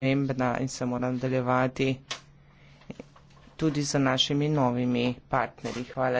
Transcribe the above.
pomembna in se mora nadaljevati tudi z našimi novimi partnerji. Hvala.